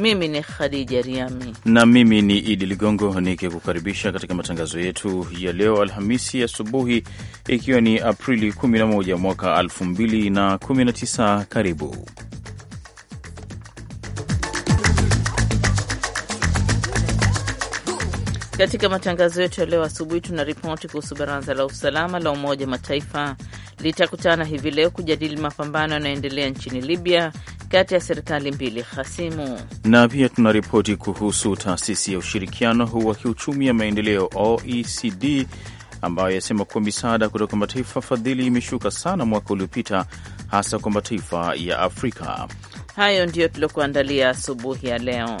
Mimi ni Khadija Riami na mimi ni Idi Ligongo nikikukaribisha katika matangazo yetu ya leo Alhamisi asubuhi, ikiwa ni Aprili 11 mwaka 2019. Karibu Katika matangazo yetu ya leo asubuhi, tuna ripoti kuhusu baraza la usalama la Umoja Mataifa litakutana hivi leo kujadili mapambano yanayoendelea nchini Libya kati ya serikali mbili hasimu, na pia tuna ripoti kuhusu taasisi ya ushirikiano wa kiuchumi ya maendeleo OECD ambayo yasema kuwa misaada kutoka mataifa fadhili imeshuka sana mwaka uliopita hasa kwa mataifa ya Afrika. Hayo ndiyo tuliokuandalia asubuhi ya leo.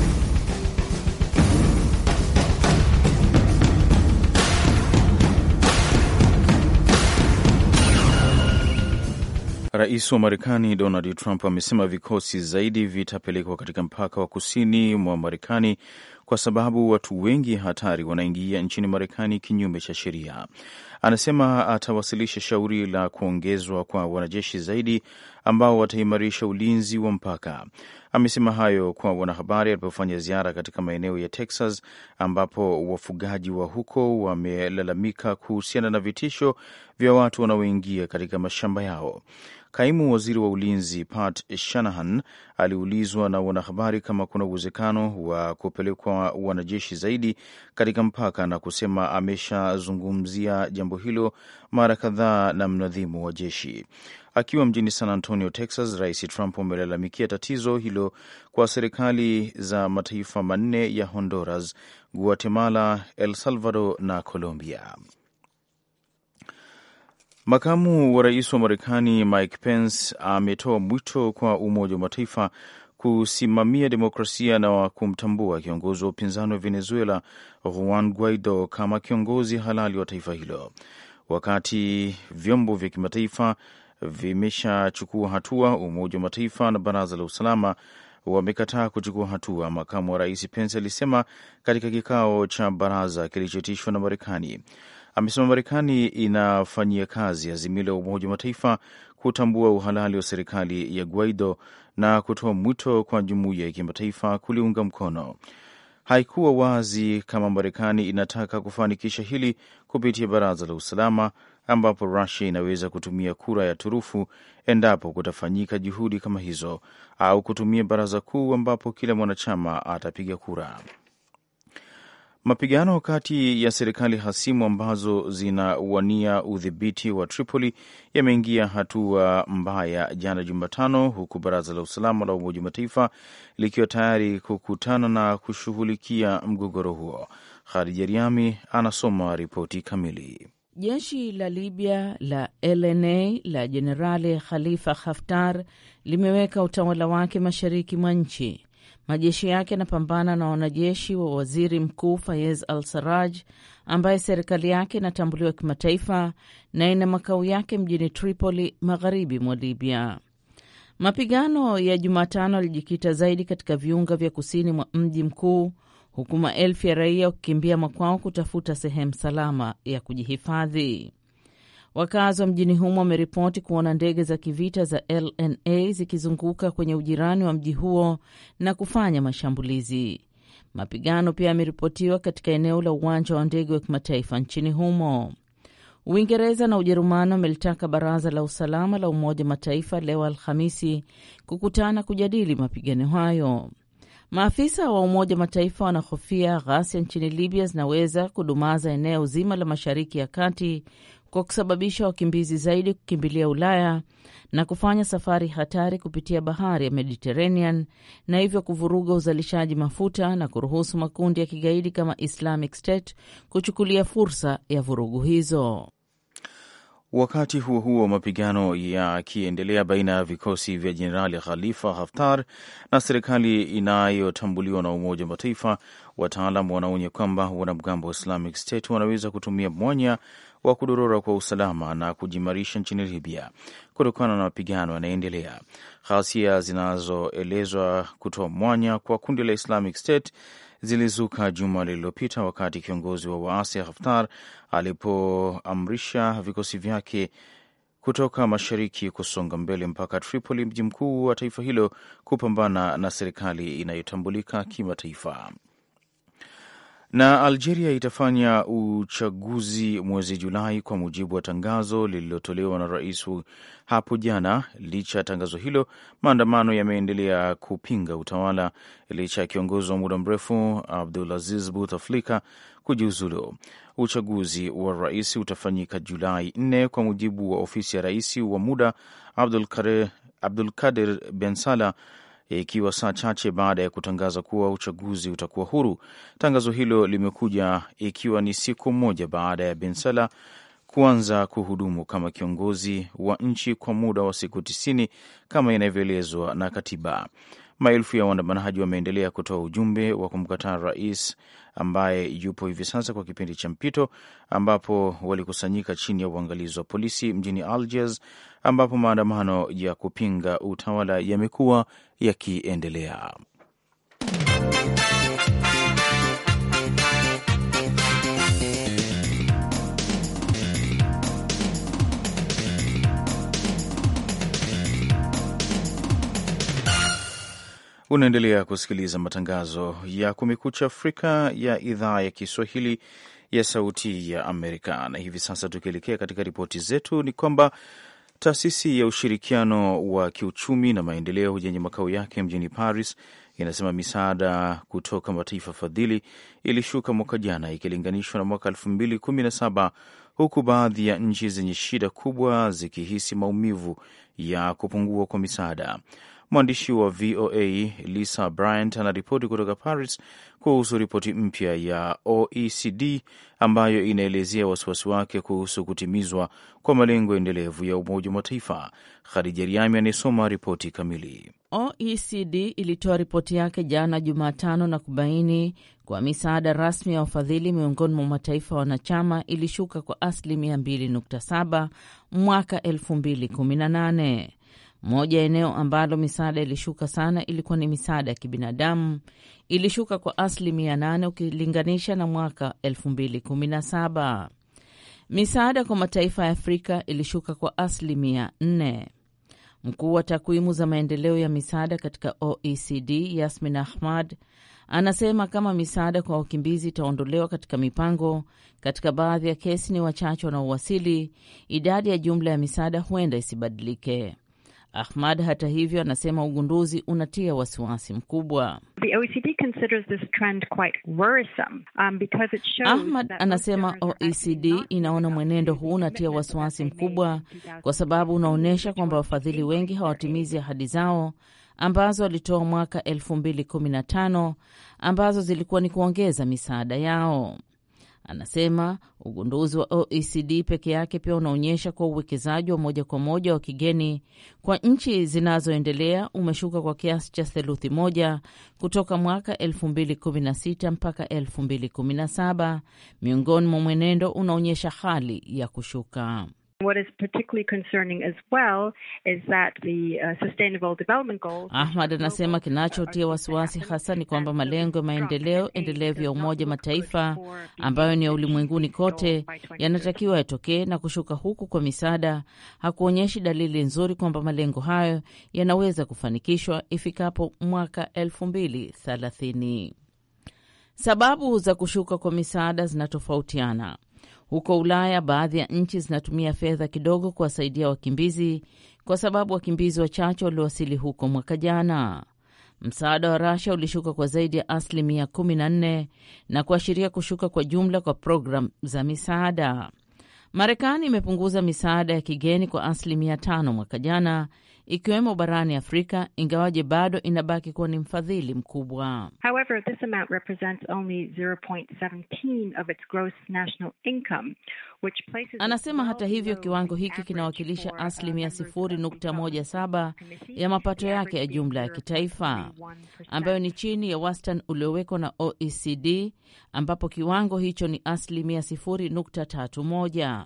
Rais wa Marekani Donald Trump amesema vikosi zaidi vitapelekwa katika mpaka wa kusini mwa Marekani kwa sababu watu wengi hatari wanaingia nchini Marekani kinyume cha sheria. Anasema atawasilisha shauri la kuongezwa kwa wanajeshi zaidi ambao wataimarisha ulinzi wa mpaka. Amesema hayo kwa wanahabari alipofanya ziara katika maeneo ya Texas, ambapo wafugaji wa huko wamelalamika kuhusiana na vitisho vya watu wanaoingia katika mashamba yao. Kaimu waziri wa ulinzi Pat Shanahan aliulizwa na wanahabari kama kuna uwezekano wa kupelekwa wanajeshi zaidi katika mpaka na kusema ameshazungumzia jambo hilo mara kadhaa na mnadhimu wa jeshi. Akiwa mjini San Antonio, Texas, Rais Trump amelalamikia tatizo hilo kwa serikali za mataifa manne ya Honduras, Guatemala, El Salvador na Colombia. Makamu wa rais wa Marekani Mike Pence ametoa mwito kwa Umoja wa Mataifa kusimamia demokrasia na kumtambua kiongozi wa upinzani wa Venezuela Juan Guaido kama kiongozi halali wa taifa hilo, wakati vyombo vya kimataifa vimeshachukua hatua. Umoja wa Mataifa na Baraza la Usalama wamekataa kuchukua hatua, makamu wa rais Pence alisema katika kikao cha baraza kilichoitishwa na Marekani amesema Marekani inafanyia kazi azimio la Umoja wa Mataifa kutambua uhalali wa serikali ya Guaido na kutoa mwito kwa jumuiya ya kimataifa kuliunga mkono. Haikuwa wazi kama Marekani inataka kufanikisha hili kupitia Baraza la Usalama, ambapo Rusia inaweza kutumia kura ya turufu endapo kutafanyika juhudi kama hizo, au kutumia Baraza Kuu ambapo kila mwanachama atapiga kura. Mapigano kati ya serikali hasimu ambazo zinawania udhibiti wa Tripoli yameingia hatua mbaya jana Jumatano, huku baraza la usalama la Umoja wa Mataifa likiwa tayari kukutana na kushughulikia mgogoro huo. Khadija Riami anasoma ripoti kamili. Jeshi la Libya la LNA la Jenerali Khalifa Haftar limeweka utawala wake mashariki mwa nchi majeshi yake yanapambana na wanajeshi wa waziri mkuu Fayez al Saraj ambaye serikali yake inatambuliwa kimataifa na ina makao yake mjini Tripoli, magharibi mwa Libya. Mapigano ya Jumatano yalijikita zaidi katika viunga vya kusini mwa mji mkuu, huku maelfu ya raia wakikimbia makwao kutafuta sehemu salama ya kujihifadhi. Wakazi wa mjini humo wameripoti kuona ndege za kivita za LNA zikizunguka kwenye ujirani wa mji huo na kufanya mashambulizi. Mapigano pia yameripotiwa katika eneo la uwanja wa ndege wa kimataifa nchini humo. Uingereza na Ujerumani wamelitaka baraza la usalama la Umoja Mataifa leo Alhamisi kukutana kujadili mapigano hayo. Maafisa wa Umoja Mataifa wanahofia ghasia nchini Libya zinaweza kudumaza eneo zima la Mashariki ya Kati kwa kusababisha wakimbizi zaidi kukimbilia Ulaya na kufanya safari hatari kupitia bahari ya Mediterranean na hivyo kuvuruga uzalishaji mafuta na kuruhusu makundi ya kigaidi kama Islamic State kuchukulia fursa ya vurugu hizo. Wakati huo huo, mapigano yakiendelea baina ya vikosi vya Jenerali Khalifa Haftar na serikali inayotambuliwa na Umoja wa Mataifa, wataalam wanaonya kwamba wanamgambo wa Islamic State wanaweza kutumia mwanya wa kudorora kwa usalama na kujimarisha nchini Libya kutokana na mapigano yanayoendelea, ghasia zinazoelezwa kutoa mwanya kwa kundi la Islamic State zilizuka juma lililopita wakati kiongozi wa waasi Haftar alipoamrisha vikosi vyake kutoka mashariki kusonga mbele mpaka Tripoli, mji mkuu wa taifa hilo, kupambana na serikali inayotambulika kimataifa. Na Algeria itafanya uchaguzi mwezi Julai kwa mujibu wa tangazo lililotolewa na rais hapo jana. Licha ya tangazo hilo, maandamano yameendelea kupinga utawala licha ya kiongozi wa muda mrefu Abdulaziz Bouteflika kujiuzulu. Uchaguzi wa rais utafanyika Julai nne kwa mujibu wa ofisi ya rais wa muda Abdul Bensala Ben ikiwa saa chache baada ya kutangaza kuwa uchaguzi utakuwa huru. Tangazo hilo limekuja ikiwa ni siku moja baada ya Bensala kuanza kuhudumu kama kiongozi wa nchi kwa muda wa siku tisini kama inavyoelezwa na katiba. Maelfu ya waandamanaji wameendelea kutoa ujumbe wa kumkataa rais ambaye yupo hivi sasa kwa kipindi cha mpito, ambapo walikusanyika chini ya uangalizi wa polisi mjini Algiers, ambapo maandamano ya kupinga utawala yamekuwa yakiendelea. Unaendelea kusikiliza matangazo ya Kumekucha Afrika ya idhaa ya Kiswahili ya Sauti ya Amerika. Na hivi sasa tukielekea katika ripoti zetu, ni kwamba taasisi ya ushirikiano wa kiuchumi na maendeleo yenye makao yake mjini Paris inasema misaada kutoka mataifa fadhili ilishuka mwaka jana ikilinganishwa na mwaka 2017 huku baadhi ya nchi zenye shida kubwa zikihisi maumivu ya kupungua kwa misaada. Mwandishi wa VOA Lisa Bryant anaripoti kutoka Paris kuhusu ripoti mpya ya OECD ambayo inaelezea wasiwasi wake kuhusu kutimizwa kwa malengo endelevu ya Umoja wa Mataifa. Khadija Riami anayesoma ripoti kamili. OECD ilitoa ripoti yake jana Jumatano na kubaini kwa misaada rasmi ya wafadhili miongoni mwa mataifa wanachama ilishuka kwa asilimia 2.7 mwaka 2018. Moja ya eneo ambalo misaada ilishuka sana ilikuwa ni misaada ya kibinadamu, ilishuka kwa asilimia 8 ukilinganisha na mwaka 2017. Misaada kwa mataifa ya Afrika ilishuka kwa asilimia 4. Mkuu wa takwimu za maendeleo ya misaada katika OECD Yasmin Ahmad anasema kama misaada kwa wakimbizi itaondolewa katika mipango, katika baadhi ya kesi ni wachache wanaowasili, idadi ya jumla ya misaada huenda isibadilike. Ahmad hata hivyo anasema ugunduzi unatia wasiwasi mkubwa. The OECD considers this trend quite worrisome, um, because it shows Ahmad anasema OECD e inaona mwenendo huu unatia wasiwasi mkubwa kwa sababu unaonyesha kwamba wafadhili wengi hawatimizi ahadi zao ambazo walitoa mwaka 2015 ambazo zilikuwa ni kuongeza misaada yao. Anasema ugunduzi wa OECD peke yake pia unaonyesha kuwa uwekezaji wa moja kwa moja wa kigeni kwa nchi zinazoendelea umeshuka kwa kiasi cha theluthi moja kutoka mwaka 2016 mpaka 2017, miongoni mwa mwenendo unaonyesha hali ya kushuka. What is particularly concerning as well is that the uh, sustainable development goals. Ahmad anasema kinachotia wasiwasi hasa ni kwamba malengo ya maendeleo endelevu ya Umoja Mataifa ambayo ni ya ulimwenguni kote yanatakiwa yatokee, na kushuka huku kwa misaada hakuonyeshi dalili nzuri kwamba malengo hayo yanaweza kufanikishwa ifikapo mwaka elfu Sababu za kushuka kwa misaada zinatofautiana. Huko Ulaya, baadhi ya nchi zinatumia fedha kidogo kuwasaidia wakimbizi kwa sababu wakimbizi wachache waliowasili huko mwaka jana. Msaada wa Rasha ulishuka kwa zaidi ya asilimia 14 na kuashiria kushuka kwa jumla kwa programu za misaada. Marekani imepunguza misaada ya kigeni kwa asilimia tano mwaka jana ikiwemo barani Afrika, ingawaje bado inabaki kuwa ni mfadhili mkubwa. However, this amount represents only 0.17 of its gross national income, which places... Anasema hata hivyo kiwango hiki kinawakilisha asilimia 0.17 ya mapato yake ya jumla ya kitaifa, ambayo ni chini ya wastani uliowekwa na OECD, ambapo kiwango hicho ni asilimia 0.31.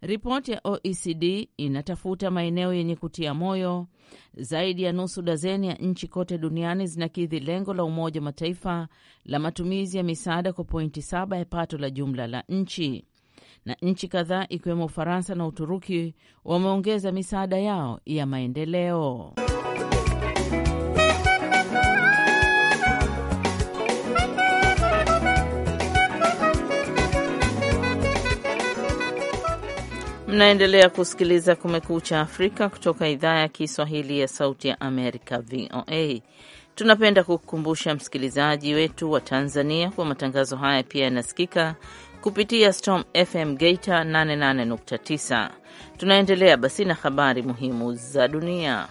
Ripoti ya OECD inatafuta maeneo yenye kutia moyo. Zaidi ya nusu dazeni ya nchi kote duniani zinakidhi lengo la Umoja wa Mataifa la matumizi ya misaada kwa pointi saba ya pato la jumla la nchi, na nchi kadhaa ikiwemo Ufaransa na Uturuki wameongeza misaada yao ya maendeleo. Mnaendelea kusikiliza Kumekucha Afrika kutoka idhaa ya Kiswahili ya Sauti ya Amerika, VOA. Tunapenda kukukumbusha msikilizaji wetu wa Tanzania kwa matangazo haya pia yanasikika kupitia Storm FM Geita 88.9. Tunaendelea basi na habari muhimu za dunia.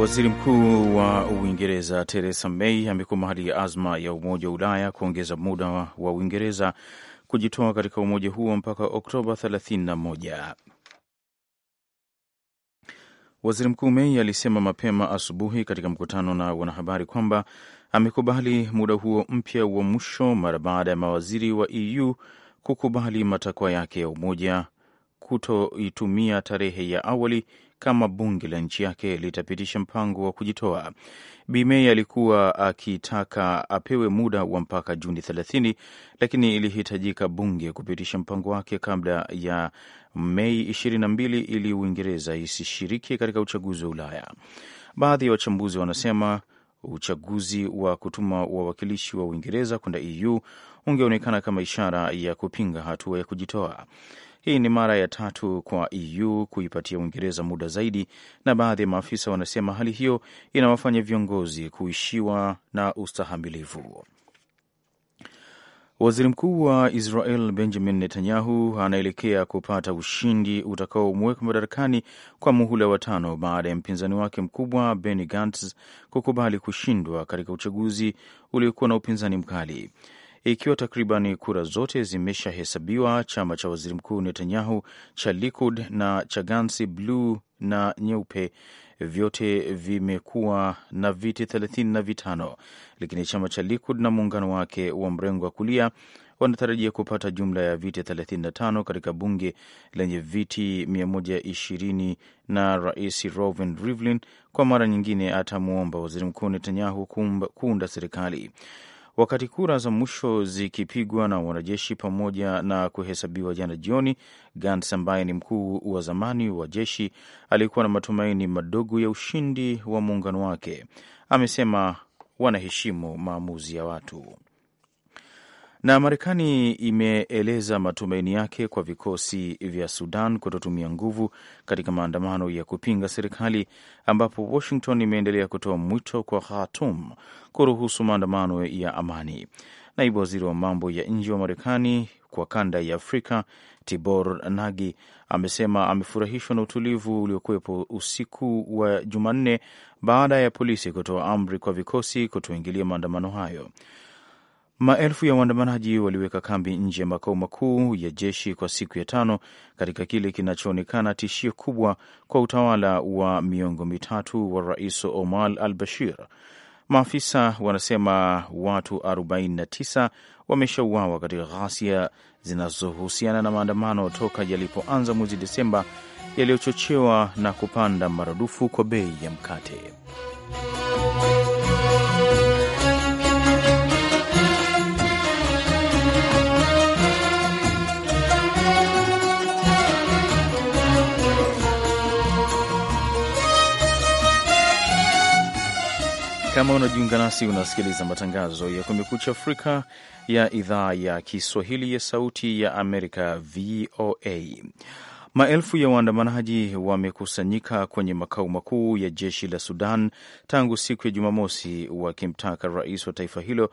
Waziri Mkuu wa Uingereza Theresa May ya azma ya Umoja wa Ulaya kuongeza muda wa Uingereza kujitoa katika umoja huo mpaka Oktoba 31. Waziri Mkuu May alisema mapema asubuhi katika mkutano na wanahabari kwamba amekubali muda huo mpya wa mwisho mara baada ya mawaziri wa EU kukubali matakwa yake ya umoja kutoitumia tarehe ya awali kama bunge la nchi yake litapitisha mpango wa kujitoa. Bi May alikuwa akitaka apewe muda wa mpaka Juni 30, lakini ilihitajika bunge kupitisha mpango wake kabla ya Mei 22 ili Uingereza isishiriki katika uchaguzi wa Ulaya. Baadhi ya wachambuzi wanasema uchaguzi wa kutuma wawakilishi wa Uingereza kwenda EU ungeonekana kama ishara ya kupinga hatua ya kujitoa. Hii ni mara ya tatu kwa EU kuipatia Uingereza muda zaidi, na baadhi ya maafisa wanasema hali hiyo inawafanya viongozi kuishiwa na ustahamilivu. Waziri Mkuu wa Israel Benjamin Netanyahu anaelekea kupata ushindi utakaomweka madarakani kwa muhula wa tano baada ya mpinzani wake mkubwa Benny Gantz kukubali kushindwa katika uchaguzi uliokuwa na upinzani mkali. Ikiwa takriban kura zote zimeshahesabiwa, chama cha waziri mkuu Netanyahu cha Likud na cha Gansi bluu na nyeupe vyote vimekuwa na viti thelathini na vitano, lakini chama cha Likud na muungano wake wa mrengo wa kulia wanatarajia kupata jumla ya viti 35 katika bunge lenye viti 120, na rais Reuven Rivlin kwa mara nyingine atamwomba waziri mkuu Netanyahu kuunda serikali. Wakati kura za mwisho zikipigwa na wanajeshi pamoja na kuhesabiwa jana jioni, Gantz ambaye ni mkuu wa zamani wa jeshi alikuwa na matumaini madogo ya ushindi wa muungano wake. Amesema wanaheshimu maamuzi ya watu. Na Marekani imeeleza matumaini yake kwa vikosi vya Sudan kutotumia nguvu katika maandamano ya kupinga serikali, ambapo Washington imeendelea kutoa mwito kwa Khartoum kuruhusu maandamano ya amani. Naibu waziri wa mambo ya nje wa Marekani kwa kanda ya Afrika Tibor Nagi amesema amefurahishwa na utulivu uliokuwepo usiku wa Jumanne baada ya polisi kutoa amri kwa vikosi kutoingilia maandamano hayo. Maelfu ya waandamanaji waliweka kambi nje ya makao makuu ya jeshi kwa siku ya tano katika kile kinachoonekana tishio kubwa kwa utawala wa miongo mitatu wa Rais Omar al Bashir. Maafisa wanasema watu 49 wameshauawa katika ghasia zinazohusiana na maandamano toka yalipoanza mwezi Desemba, yaliyochochewa na kupanda maradufu kwa bei ya mkate. Kama unajiunga nasi, unasikiliza matangazo ya Kumekucha Afrika ya idhaa ya Kiswahili ya Sauti ya Amerika, VOA. Maelfu ya waandamanaji wamekusanyika kwenye makao makuu ya jeshi la Sudan tangu siku ya Jumamosi, wakimtaka rais wa taifa hilo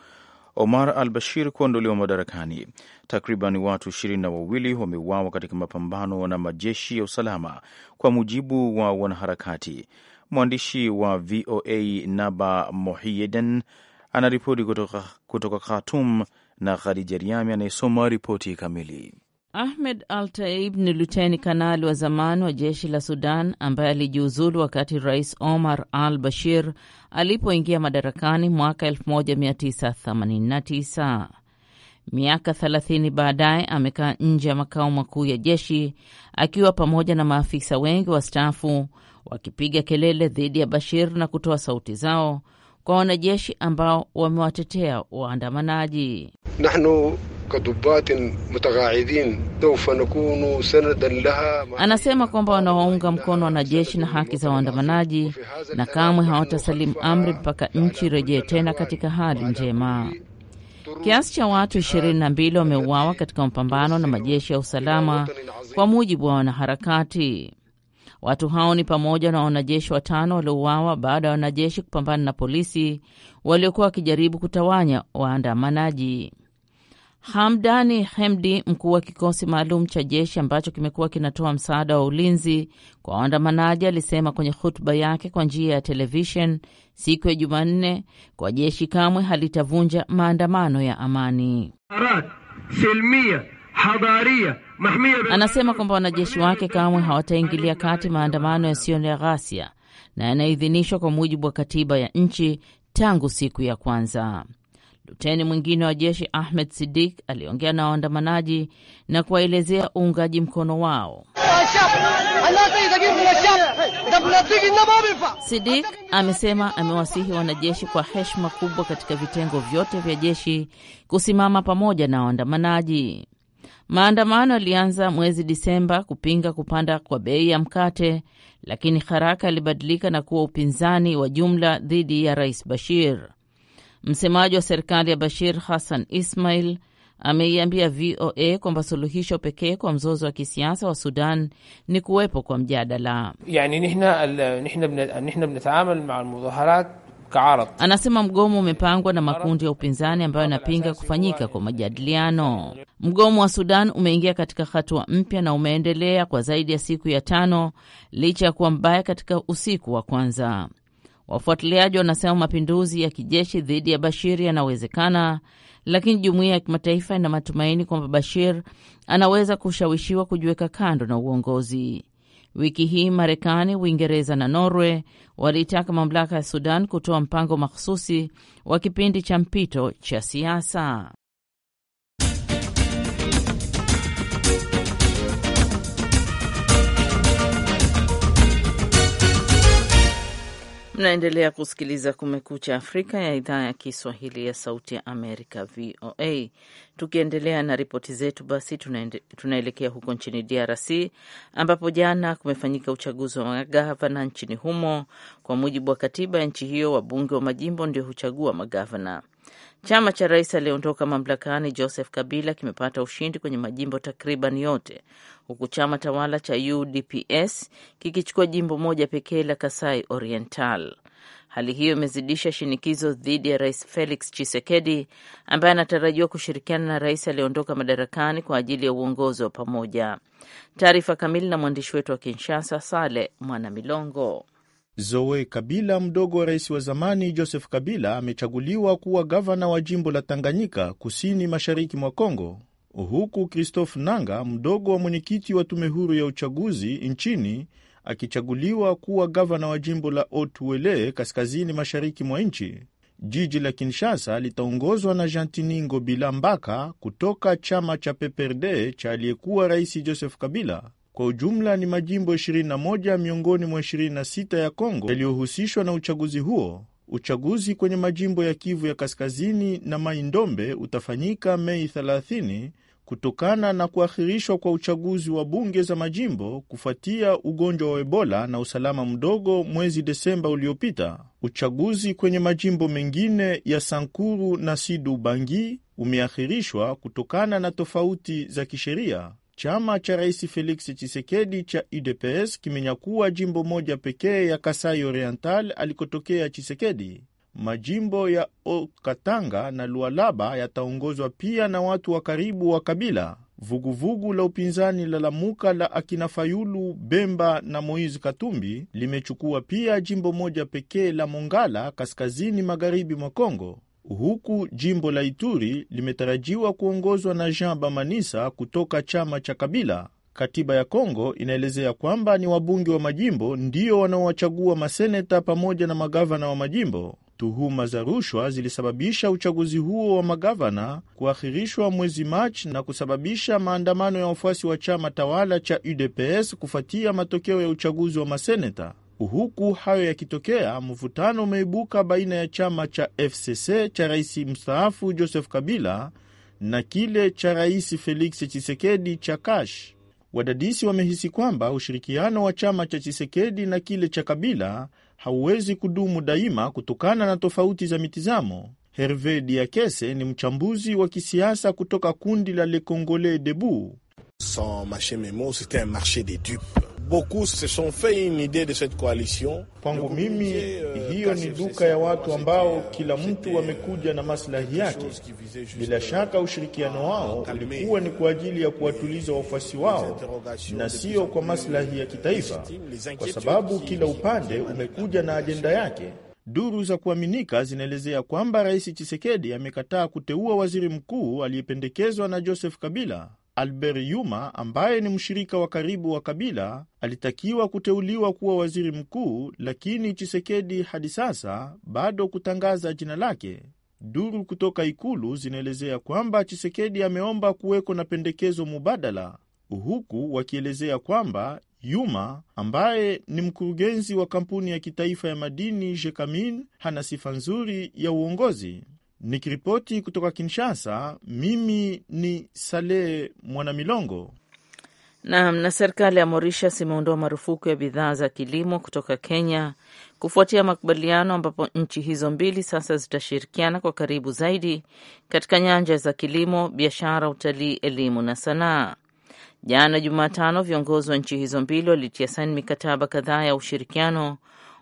Omar al Bashir kuondolewa madarakani. Takriban watu ishirini na wawili wameuawa katika mapambano na majeshi ya usalama, kwa mujibu wa wanaharakati. Mwandishi wa VOA Naba Mohieden anaripoti kutoka, kutoka Khartoum na Khadija Riami anayesoma ripoti kamili. Ahmed Al Taib ni luteni kanali wa zamani wa jeshi la Sudan ambaye alijiuzulu wakati Rais Omar Al Bashir alipoingia madarakani mwaka 1989. Miaka 30 baadaye amekaa nje ya makao makuu ya jeshi akiwa pamoja na maafisa wengi wastaafu wakipiga kelele dhidi ya Bashir na kutoa sauti zao kwa wanajeshi ambao wamewatetea waandamanaji. nahnu kadubatin mutaqaidin sawfa nakunu sanadan laha. Anasema kwamba wanawaunga mkono wanajeshi na haki za waandamanaji na kamwe hawatasalimu amri mpaka nchi rejee tena katika hali njema. Kiasi cha watu 22 wameuawa katika mapambano na majeshi ya usalama, kwa mujibu wa wanaharakati. Watu hao ni pamoja na wanajeshi watano waliouawa baada ya wanajeshi kupambana na polisi waliokuwa wakijaribu kutawanya waandamanaji. Hamdani Hemdi, mkuu wa kikosi maalum cha jeshi ambacho kimekuwa kinatoa msaada wa ulinzi kwa waandamanaji, alisema kwenye hutuba yake kwa njia ya televishen siku ya Jumanne kwa jeshi kamwe halitavunja maandamano ya amani Arat, Anasema kwamba wanajeshi wake kamwe hawataingilia kati maandamano yasiyo ya ghasia na yanayoidhinishwa kwa mujibu wa katiba ya nchi tangu siku ya kwanza. Luteni mwingine wa jeshi Ahmed Sidik aliongea na waandamanaji na kuwaelezea uungaji mkono wao. Sidik amesema amewasihi wanajeshi kwa heshima kubwa katika vitengo vyote vya jeshi kusimama pamoja na waandamanaji. Maandamano yalianza mwezi Disemba kupinga kupanda kwa bei ya mkate, lakini haraka yalibadilika na kuwa upinzani wa jumla dhidi ya Rais Bashir. Msemaji wa serikali ya Bashir, Hassan Ismail, ameiambia VOA kwamba suluhisho pekee kwa mzozo wa kisiasa wa Sudan ni kuwepo kwa mjadala. Yani, nihna, nihna, nihna, nihna Anasema mgomo umepangwa na makundi ya upinzani ambayo yanapinga kufanyika kwa majadiliano. Mgomo wa Sudan umeingia katika hatua mpya na umeendelea kwa zaidi ya siku ya tano licha ya kuwa mbaya katika usiku wa kwanza. Wafuatiliaji wanasema mapinduzi ya kijeshi dhidi ya Bashir yanawezekana, lakini jumuiya ya kimataifa ina matumaini kwamba Bashir anaweza kushawishiwa kujiweka kando na uongozi. Wiki hii Marekani, Uingereza na Norwe walitaka mamlaka ya Sudan kutoa mpango makhususi wa kipindi cha mpito cha siasa. Mnaendelea kusikiliza Kumekucha Afrika ya idhaa ya Kiswahili ya Sauti ya Amerika, VOA. Tukiendelea na ripoti zetu, basi tunaelekea huko nchini DRC ambapo jana kumefanyika uchaguzi wa magavana nchini humo. Kwa mujibu wa katiba ya nchi hiyo, wabunge wa majimbo ndio huchagua magavana. Chama cha rais aliyeondoka mamlakani Joseph Kabila kimepata ushindi kwenye majimbo takriban yote, huku chama tawala cha UDPS kikichukua jimbo moja pekee la Kasai Oriental. Hali hiyo imezidisha shinikizo dhidi ya rais Felix chisekedi ambaye anatarajiwa kushirikiana na rais aliyeondoka madarakani kwa ajili ya uongozi wa pamoja. Taarifa kamili na mwandishi wetu wa Kinshasa, Sale Mwanamilongo. Zoe Kabila, mdogo wa rais wa zamani Joseph Kabila, amechaguliwa kuwa gavana wa jimbo la Tanganyika, kusini mashariki mwa Kongo, huku Christophe Nanga, mdogo wa mwenyekiti wa tume huru ya uchaguzi nchini, akichaguliwa kuwa gavana wa jimbo la Otuele, kaskazini mashariki mwa nchi. Jiji la Kinshasa litaongozwa na Jantiningo mbaka kutoka chama cha PPRD cha aliyekuwa rais Joseph Kabila. Kwa ujumla ni majimbo 21 miongoni mwa 26 ya Kongo yaliyohusishwa na uchaguzi huo. Uchaguzi kwenye majimbo ya Kivu ya Kaskazini na maindombe utafanyika Mei 30 kutokana na kuahirishwa kwa uchaguzi wa bunge za majimbo kufuatia ugonjwa wa Ebola na usalama mdogo mwezi Desemba uliopita. Uchaguzi kwenye majimbo mengine ya Sankuru na Sidu Bangi umeahirishwa kutokana na tofauti za kisheria. Chama cha Rais Felix chisekedi cha UDPS kimenyakua jimbo moja pekee ya Kasai Oriental alikotokea chisekedi Majimbo ya Okatanga na Lualaba yataongozwa pia na watu wa karibu wa kabila. Vuguvugu vugu la upinzani la Lamuka la akina Fayulu Bemba na Moise Katumbi limechukua pia jimbo moja pekee la Mongala kaskazini magharibi mwa Kongo huku jimbo la Ituri limetarajiwa kuongozwa na Jean Bamanisa kutoka chama cha Kabila. Katiba ya Kongo inaelezea kwamba ni wabunge wa majimbo ndiyo wanaowachagua maseneta pamoja na magavana wa majimbo. Tuhuma za rushwa zilisababisha uchaguzi huo wa magavana kuahirishwa mwezi Machi na kusababisha maandamano ya wafuasi wa chama tawala cha UDPS kufuatia matokeo ya uchaguzi wa maseneta. Huku hayo yakitokea, mvutano umeibuka baina ya chama cha FCC cha rais mstaafu Joseph Kabila na kile cha rais Felix Chisekedi cha Kash. Wadadisi wamehisi kwamba ushirikiano wa chama cha Chisekedi na kile cha Kabila hauwezi kudumu daima kutokana na tofauti za mitizamo. Herve Diakese ni mchambuzi wa kisiasa kutoka kundi la Le Congolais Debout. Sans beaucoup se sont fait une idée de cette coalition. Kwangu mimi euh, hiyo ni duka ya watu ambao euh, kila mtu euh, amekuja na maslahi yake. Bila shaka ushirikiano wao ulikuwa ni kwa ajili ya kuwatuliza wafuasi wao na sio kwa maslahi ya kitaifa, kwa sababu kila upande umekuja na ajenda yake. Duru za kuaminika zinaelezea kwamba Rais chisekedi amekataa kuteua waziri mkuu aliyependekezwa na Joseph Kabila. Albert Yuma ambaye ni mshirika wa karibu wa Kabila alitakiwa kuteuliwa kuwa waziri mkuu, lakini Chisekedi hadi sasa bado kutangaza jina lake. Duru kutoka ikulu zinaelezea kwamba Chisekedi ameomba kuweko na pendekezo mubadala, huku wakielezea kwamba Yuma ambaye ni mkurugenzi wa kampuni ya kitaifa ya madini Jekamin hana sifa nzuri ya uongozi. Nikiripoti kutoka Kinshasa, mimi ni Saleh Mwanamilongo. Naam. Na serikali ya Mauritius imeondoa marufuku ya bidhaa za kilimo kutoka Kenya kufuatia makubaliano ambapo nchi hizo mbili sasa zitashirikiana kwa karibu zaidi katika nyanja za kilimo, biashara, utalii, elimu na sanaa. Jana Jumatano, viongozi wa nchi hizo mbili walitia saini mikataba kadhaa ya ushirikiano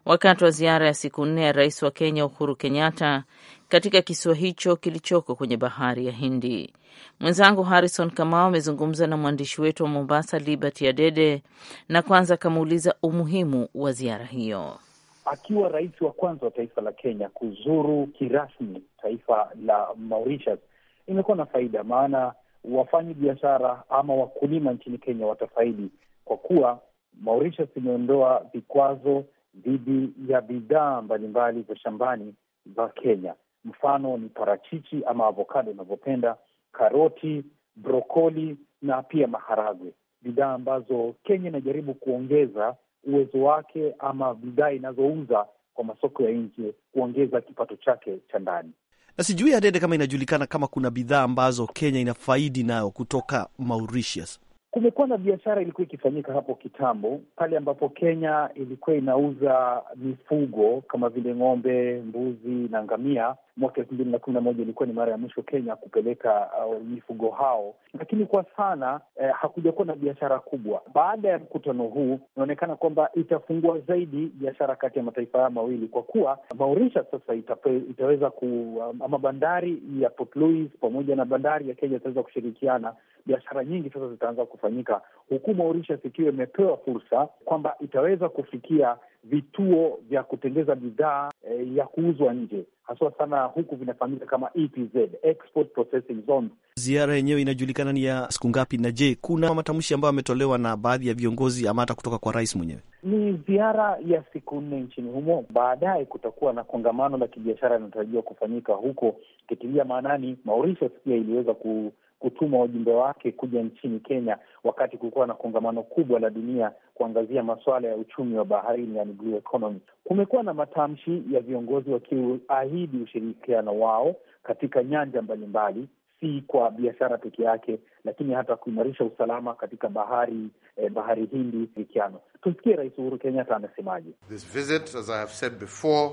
wakati wa ziara ya siku nne ya rais wa Kenya Uhuru Kenyatta katika kisiwa hicho kilichoko kwenye bahari ya Hindi. Mwenzangu Harrison Kamau amezungumza na mwandishi wetu wa Mombasa, Liberty Adede, na kwanza akamuuliza umuhimu wa ziara hiyo. Akiwa rais wa kwanza wa taifa la Kenya kuzuru kirasmi taifa la Mauritius, imekuwa na faida, maana wafanyi biashara ama wakulima nchini Kenya watafaidi kwa kuwa Mauritius imeondoa vikwazo dhidi ya bidhaa mbalimbali za shambani za Kenya. Mfano ni parachichi ama avokado unavyopenda, karoti, brokoli na pia maharagwe, bidhaa ambazo Kenya inajaribu kuongeza uwezo wake ama bidhaa inazouza kwa masoko ya nje, kuongeza kipato chake cha ndani. Na sijui Adede kama inajulikana kama kuna bidhaa ambazo Kenya inafaidi nayo kutoka Mauritius. Kumekuwa na biashara ilikuwa ikifanyika hapo kitambo, pale ambapo Kenya ilikuwa inauza mifugo kama vile ng'ombe, mbuzi na ngamia mwaka elfu mbili na kumi na moja ilikuwa ni mara ya mwisho Kenya kupeleka uh, mifugo hao, lakini kwa sana eh, hakujakuwa na biashara kubwa. Baada ya mkutano huu, inaonekana kwamba itafungua zaidi biashara kati ya mataifa haya mawili kwa kuwa Mauritius sasa itape, itaweza ku um, ama bandari ya Port Louis pamoja na bandari ya Kenya itaweza kushirikiana. Biashara nyingi sasa zitaanza kufanyika, huku Mauritius ikiwa imepewa fursa kwamba itaweza kufikia vituo vya kutengeza bidhaa e, ya kuuzwa nje haswa sana huku vinafahamika kama EPZ, Export Processing Zones. Ziara yenyewe inajulikana ni ya siku ngapi? Na je, kuna matamshi ambayo ametolewa na baadhi ya viongozi ama hata kutoka kwa rais mwenyewe? Ni ziara ya siku nne nchini humo. Baadaye kutakuwa na kongamano la kibiashara linatarajiwa kufanyika huko, kitilia maanani Mauritius pia iliweza ku kutuma wajumbe wake kuja nchini Kenya wakati kulikuwa na kongamano kubwa la dunia kuangazia masuala ya uchumi wa baharini, yani blue economy. Kumekuwa na matamshi ya viongozi wakiahidi ushirikiano wao katika nyanja mbalimbali, si kwa biashara peke yake, lakini hata kuimarisha usalama katika bahari eh, bahari Hindi, ushirikiano. Tumsikie Rais Uhuru Kenyatta anasemaje. This visit as I have said before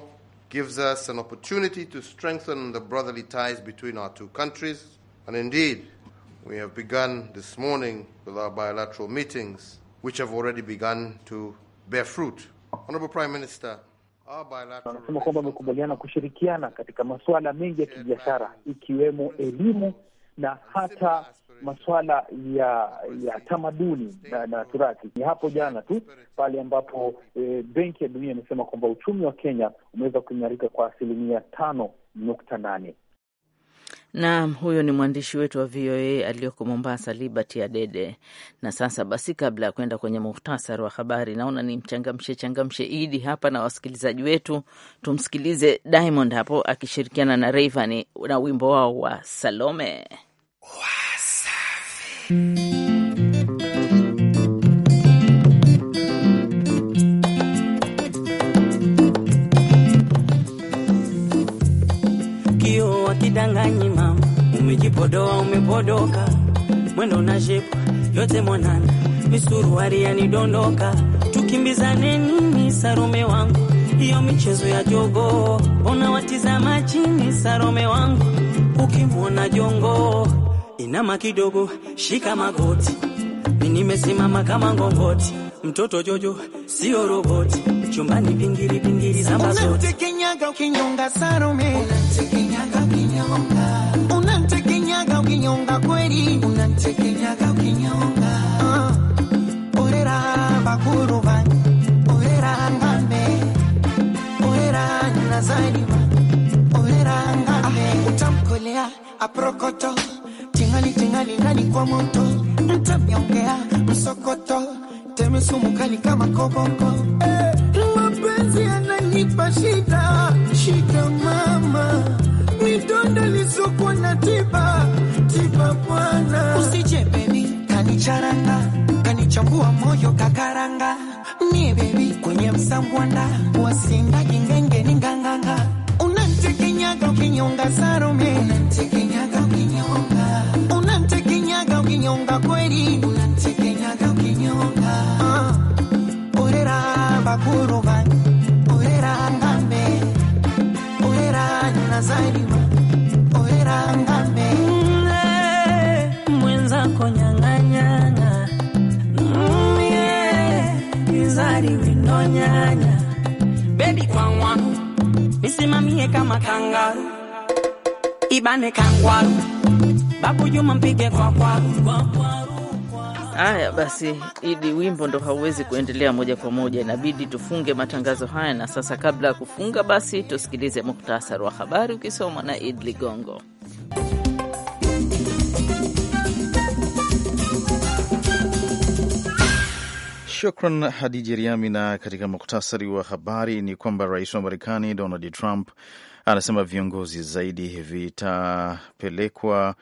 gives us an opportunity to strengthen the brotherly ties between our two countries and indeed We have begun this morning with our bilateral meetings, which have already begun to bear fruit. Honorable Prime Minister, wanasema kwamba wamekubaliana kushirikiana katika masuala mengi ya kibiashara ikiwemo elimu na hata masuala ya ya tamaduni na, na turathi. Ni hapo jana tu pale ambapo e, Benki ya Dunia imesema kwamba uchumi wa Kenya umeweza kuimarika kwa asilimia tano nukta nane. Naam, huyo ni mwandishi wetu wa VOA aliyoko Mombasa, Liberty Adede. Na sasa basi, kabla ya kwenda kwenye muhtasari wa habari, naona ni mchangamshe changamshe Idi hapa na wasikilizaji wetu, tumsikilize Diamond hapo akishirikiana na Rayvanny na wimbo wao wa Salome Wasafi. yanidondoka, mwendo na shepu yote mwanana, misuruari yanidondoka, tukimbizane nini Sarome wangu, hiyo michezo ya jogo, ona watizama chini Sarome wangu, ukimwona jongo inama kidogo, shika magoti, mi nimesimama kama ngongoti, mtoto Jojo sio roboti, chumbani pingiri pingiri, samba zote ukinyonga kweli unanitekenyaga ukinyonga uh, orera bakuru banje orera ngambe orera nazalima orera ngambe ah, utamkolea aprokoto tingali tingali ndani kwa moto mtamnyongea msokoto teme sumu kama koboko eh, mapenzi yananipa shida shida mama ni lisokuwa na tiba mwana usiche baby, kanicharanga kanichambua moyo kakaranga mie baby kwenye msambwanda wasinda jingenge ninganganga unantekenyaga ukinyonga sarome nyanya Baby kwa mwangu nisimamie kama kangaru ibane kangwaru babu Juma mpige kwa kwaru. Haya basi, Idi, wimbo ndo hauwezi kuendelea moja kwa moja, inabidi tufunge matangazo haya. Na sasa kabla ya kufunga, basi tusikilize muktasari wa habari ukisomwa na Idi Ligongo. Shukran Hadija Riami. Na katika muktasari wa habari ni kwamba rais wa Marekani Donald Trump anasema viongozi zaidi vitapelekwa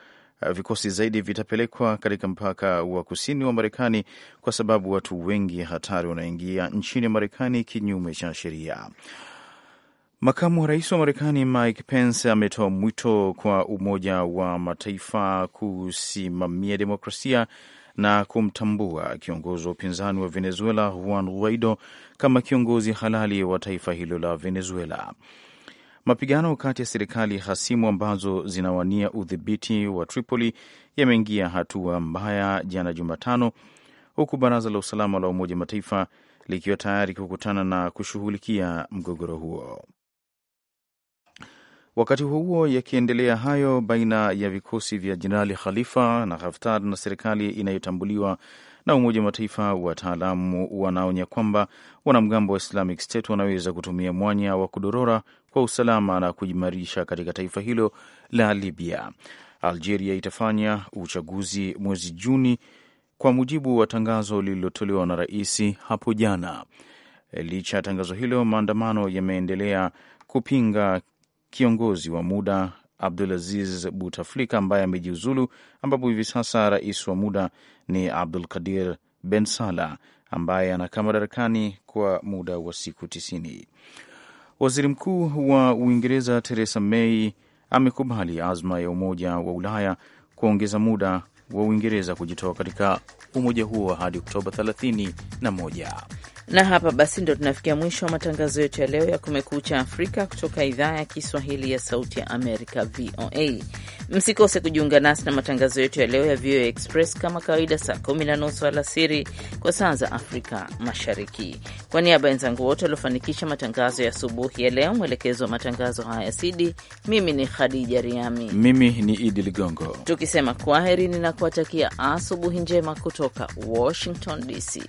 vikosi zaidi vitapelekwa katika mpaka wa kusini wa Marekani kwa sababu watu wengi hatari wanaingia nchini Marekani kinyume cha sheria. Makamu wa rais wa Marekani Mike Pence ametoa mwito kwa Umoja wa Mataifa kusimamia demokrasia na kumtambua kiongozi wa upinzani wa Venezuela Juan Guaido kama kiongozi halali wa taifa hilo la Venezuela. Mapigano kati ya serikali hasimu ambazo zinawania udhibiti wa Tripoli yameingia hatua mbaya jana Jumatano, huku baraza la usalama la Umoja Mataifa likiwa tayari kukutana na kushughulikia mgogoro huo. Wakati huo yakiendelea hayo baina ya vikosi vya Jenerali Khalifa na Haftar na serikali inayotambuliwa na Umoja wa Mataifa, wataalamu wanaonya kwamba wanamgambo wa Islamic State wanaweza kutumia mwanya wa kudorora kwa usalama na kujimarisha katika taifa hilo la Libya. Algeria itafanya uchaguzi mwezi Juni kwa mujibu wa tangazo lililotolewa na rais hapo jana. Licha ya tangazo hilo, maandamano yameendelea kupinga kiongozi wa muda Abdulaziz Butaflika ambaye amejiuzulu, ambapo hivi sasa rais wa muda ni Abdul kadir Ben Sala ambaye anakaa madarakani kwa muda wa siku tisini. Waziri Mkuu wa Uingereza Theresa May amekubali azma ya Umoja wa Ulaya kuongeza muda wa Uingereza kujitoa katika umoja huo hadi Oktoba 31. Na hapa basi ndo tunafikia mwisho wa matangazo yetu ya leo ya Kumekucha Afrika kutoka idhaa ya Kiswahili ya Sauti ya Amerika, VOA. Msikose kujiunga nasi na matangazo yetu ya leo ya VOA Express kama kawaida, saa kumi na nusu alasiri kwa saa za Afrika Mashariki. Kwa niaba ya wenzangu wote waliofanikisha matangazo ya asubuhi ya leo, mwelekezo wa matangazo haya Sidi, mimi ni Khadija Riami, mimi ni Idi Ligongo, tukisema kwaheri, ninakuwatakia asubuhi njema kutoka Washington DC.